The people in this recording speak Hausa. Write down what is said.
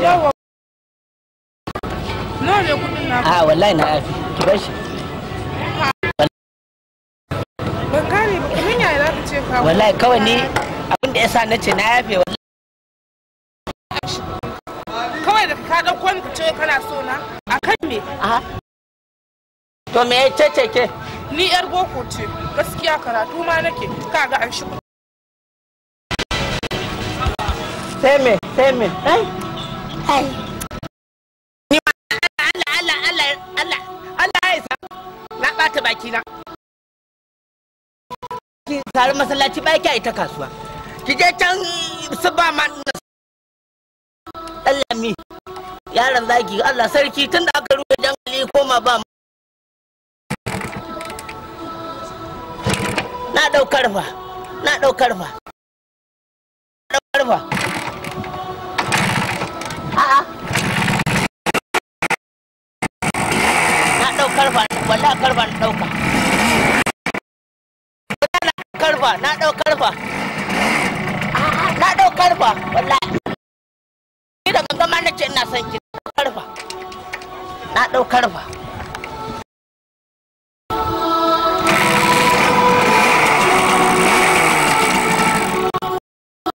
nawa ne kudin na a ah, wallahi na yafi ki bar shi ban kare ba kamar yaya za ka ce ka wallahi kawai ni abin da sa na ce na yafe wallahi kawai da ka dauko ni ka ce kana so na akan me to me ce ce ke ni yar boko ce gaskiya karatu ma nake kaga an shi sai me sai me eh Allah na masallaci ba ita kasuwa. Ki je can su ba sarki tunda aka ruwa jangali koma na daukar fa na daukar fa na daukar fa karfa karfa na dauka na karfa na karfa na karfa wallahi ni da gangama na ina san ki karfa na karfa